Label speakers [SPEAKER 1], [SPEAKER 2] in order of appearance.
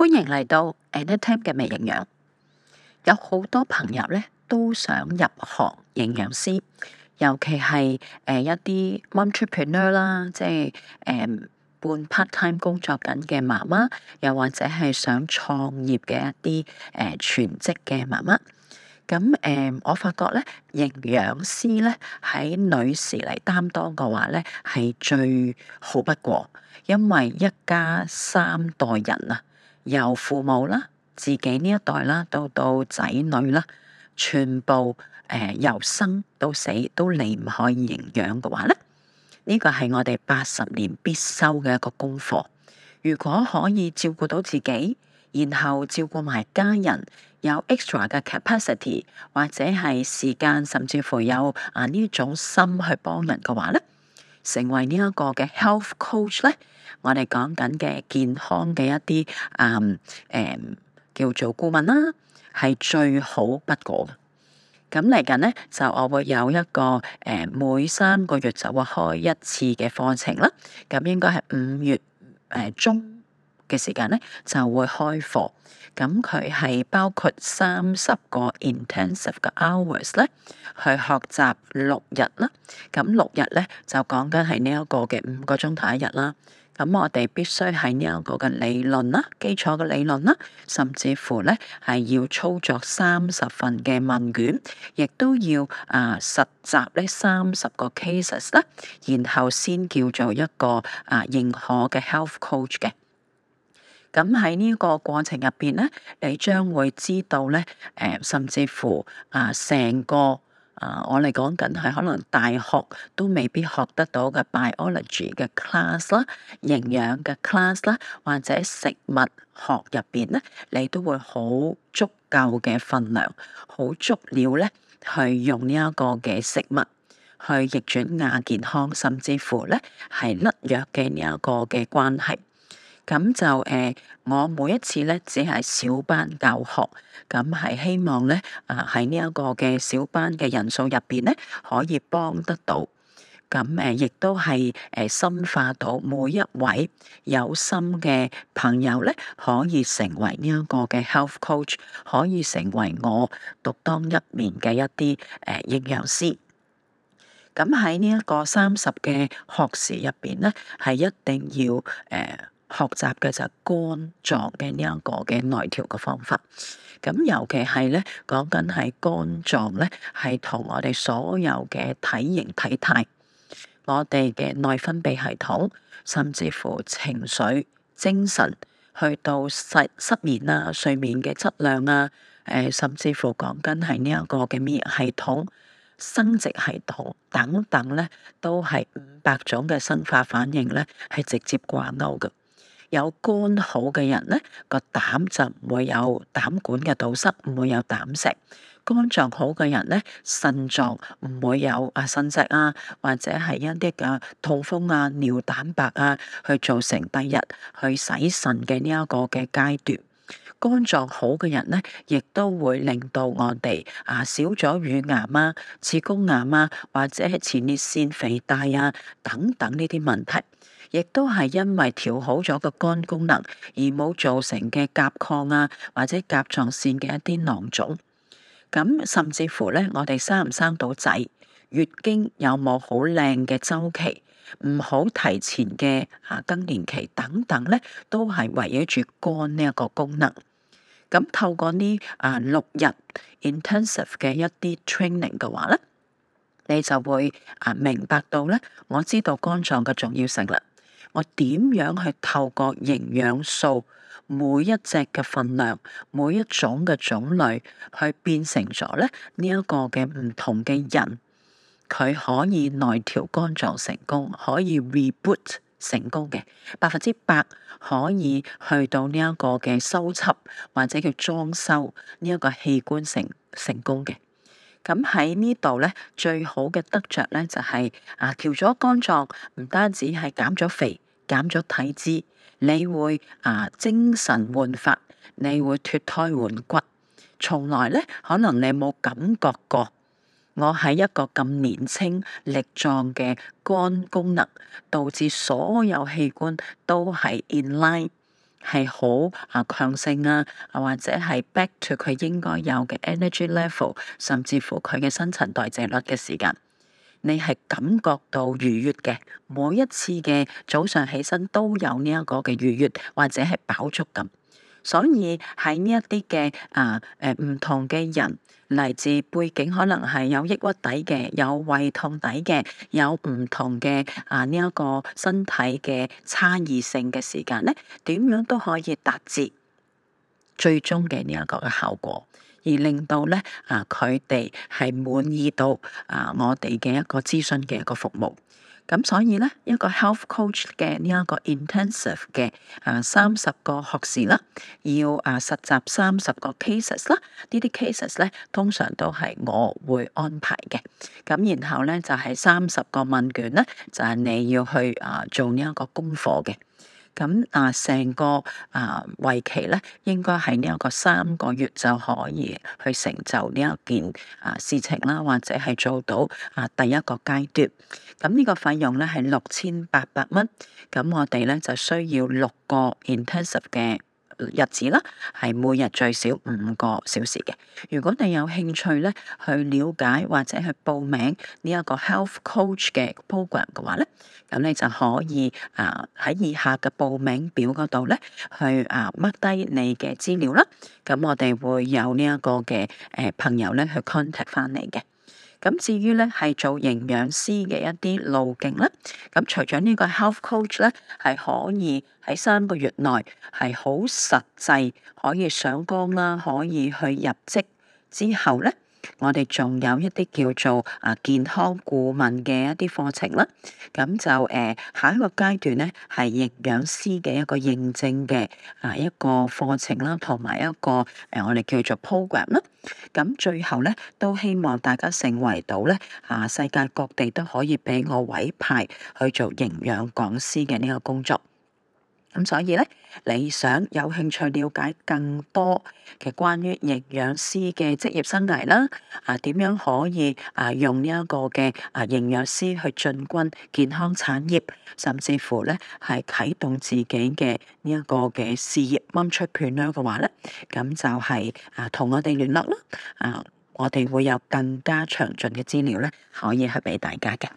[SPEAKER 1] 歡迎嚟到 Annette Tam 嘅微營養，有好多朋友咧都想入行營養師，尤其係誒、呃、一啲 Mompreneur 啦，即係誒、呃、半 part time 工作緊嘅媽媽，又或者係想創業嘅一啲誒、呃、全職嘅媽媽。咁、呃、誒，我發覺咧，營養師咧喺女士嚟擔當嘅話咧，係最好不過，因為一家三代人啊。由父母啦，自己呢一代啦，到到仔女啦，全部誒、呃、由生到死都離唔開營養嘅話咧，呢、呢個係我哋八十年必修嘅一個功課。如果可以照顧到自己，然後照顧埋家人，有 extra 嘅 capacity 或者係時間，甚至乎有啊呢種心去幫人嘅話咧。成為呢一個嘅 health coach 咧，我哋講緊嘅健康嘅一啲啊誒叫做顧問啦，係最好不過嘅。咁嚟緊咧就我會有一個誒、嗯、每三個月就會開一次嘅課程啦，咁、嗯、應該係五月誒、嗯、中嘅時間咧就會開課，咁佢係包括三十個 intensive 嘅 hours 咧，去學習六日啦。咁六日咧就講緊係呢一個嘅五個鐘頭一日啦。咁我哋必須喺呢一個嘅理論啦、基礎嘅理論啦，甚至乎咧係要操作三十份嘅問卷，亦都要啊、呃、實習呢三十個 cases 啦。然後先叫做一個啊、呃、認可嘅 health coach 嘅。咁喺呢個過程入邊咧，你將會知道咧，誒、呃，甚至乎啊，成個啊，我哋講緊係可能大學都未必學得到嘅 biology 嘅 class 啦、營養嘅 class 啦，或者食物學入邊咧，你都會好足夠嘅分量、好足料咧，去用呢一個嘅食物去逆轉亞健康，甚至乎咧係甩藥嘅呢一個嘅關係。咁就誒，我每一次咧只係小班教學，咁係希望咧啊喺呢一個嘅小班嘅人數入邊咧，可以幫得到。咁誒，亦都係誒深化到每一位有心嘅朋友咧，可以成為呢一個嘅 Health Coach，可以成為我獨當一面嘅一啲誒營養師。咁喺呢一個三十嘅學時入邊咧，係一定要誒，學習嘅就係肝臟嘅呢一個嘅內調嘅方法，咁尤其係咧講緊係肝臟咧，係同我哋所有嘅體型體態、我哋嘅內分泌系統，甚至乎情緒、精神，去到失失眠啊、睡眠嘅質量啊，誒、呃，甚至乎講緊係呢一個嘅免疫系統、生殖系統等等咧，都係五百種嘅生化反應咧，係直接掛鈎嘅。有肝好嘅人咧，個膽就唔會有膽管嘅堵塞，唔會有膽石。肝臟好嘅人咧，腎臟唔會有啊腎石啊，或者係一啲嘅痛風啊、尿蛋白啊，去造成第日去洗腎嘅呢一個嘅階段。肝臟好嘅人咧，亦都會令到我哋啊少咗乳癌啊、子宮癌啊，或者係前列腺肥大啊，等等呢啲問題。亦都係因為調好咗個肝功能，而冇造成嘅甲亢啊，或者甲狀腺嘅一啲囊腫。咁甚至乎咧，我哋生唔生到仔，月經有冇好靚嘅周期，唔好提前嘅啊更年期等等咧，都係圍繞住肝呢一個功能。咁透過呢啊六日 intensive 嘅一啲 training 嘅話咧，你就會啊明白到咧，我知道肝臟嘅重要性啦。我點樣去透過營養素每一隻嘅分量，每一種嘅種類去變成咗呢？呢、這、一個嘅唔同嘅人，佢可以內調肝臟成功，可以 reboot 成功嘅，百分之百可以去到呢一個嘅修葺或者叫裝修呢一個器官成成功嘅。咁喺呢度咧，最好嘅得着咧就係啊，調咗肝臟，唔單止係減咗肥、減咗體脂，你會啊精神煥發，你會脫胎換骨。從來咧，可能你冇感覺過，我係一個咁年輕力壯嘅肝功能，導致所有器官都係 in line。係好啊強性啊，或者係 back to 佢應該有嘅 energy level，甚至乎佢嘅新陳代謝率嘅時間，你係感覺到愉悅嘅，每一次嘅早上起身都有呢一個嘅愉悅或者係飽足感。所以喺呢一啲嘅啊誒呃、唔同嘅人嚟自背景，可能係有抑鬱底嘅，有胃痛底嘅，有唔同嘅啊呢一個、這個身體嘅差異性嘅時間咧，點樣都可以達至最終嘅呢一個嘅效果，而令到咧啊佢哋係滿意到啊我哋嘅一個諮詢嘅一個服務。咁所以咧，一個 health coach 嘅呢一個 intensive 嘅啊三十個學時啦，要啊實習三十個 cases 啦，cases 呢啲 cases 咧通常都係我會安排嘅。咁然後咧就係三十個問卷咧，就係、是、你要去啊做呢一個功課嘅。咁但成個啊為期咧，應該係呢一個三個月就可以去成就呢一件啊事情啦，或者係做到啊第一個階段。咁、嗯、呢、呢個費用咧係六千八百蚊，咁、嗯、我哋咧就需要六個 intensive 嘅。日子啦，係每日最少五個小時嘅。如果你有興趣咧，去了解或者去報名呢一個 Health Coach 嘅 program 嘅話咧，咁你就可以啊喺以下嘅報名表嗰度咧，去啊 mark 低你嘅資料啦。咁我哋會有呢一個嘅誒朋友咧去 contact 返你嘅。咁至於咧係做營養師嘅一啲路徑啦。咁除咗呢個 health coach 咧，係可以喺三個月內係好實際可以上崗啦，可以去入職之後咧。我哋仲有一啲叫做啊健康顧問嘅一啲課程啦，咁就誒下一個階段咧係營養師嘅一個認證嘅啊一個課程啦，同埋一個誒我哋叫做 program 啦，咁最後咧都希望大家成為到咧，啊世界各地都可以俾我委派去做營養講師嘅呢個工作。咁所以咧，你想有興趣了解更多嘅關於營養師嘅職業生涯啦，啊點樣可以啊用呢一個嘅啊營養師去進軍健康產業，甚至乎咧係啟動自己嘅呢一個嘅事業掹出片咧嘅話咧，咁就係啊同我哋聯絡啦，啊我哋會有更加詳盡嘅資料咧，可以去俾大家嘅。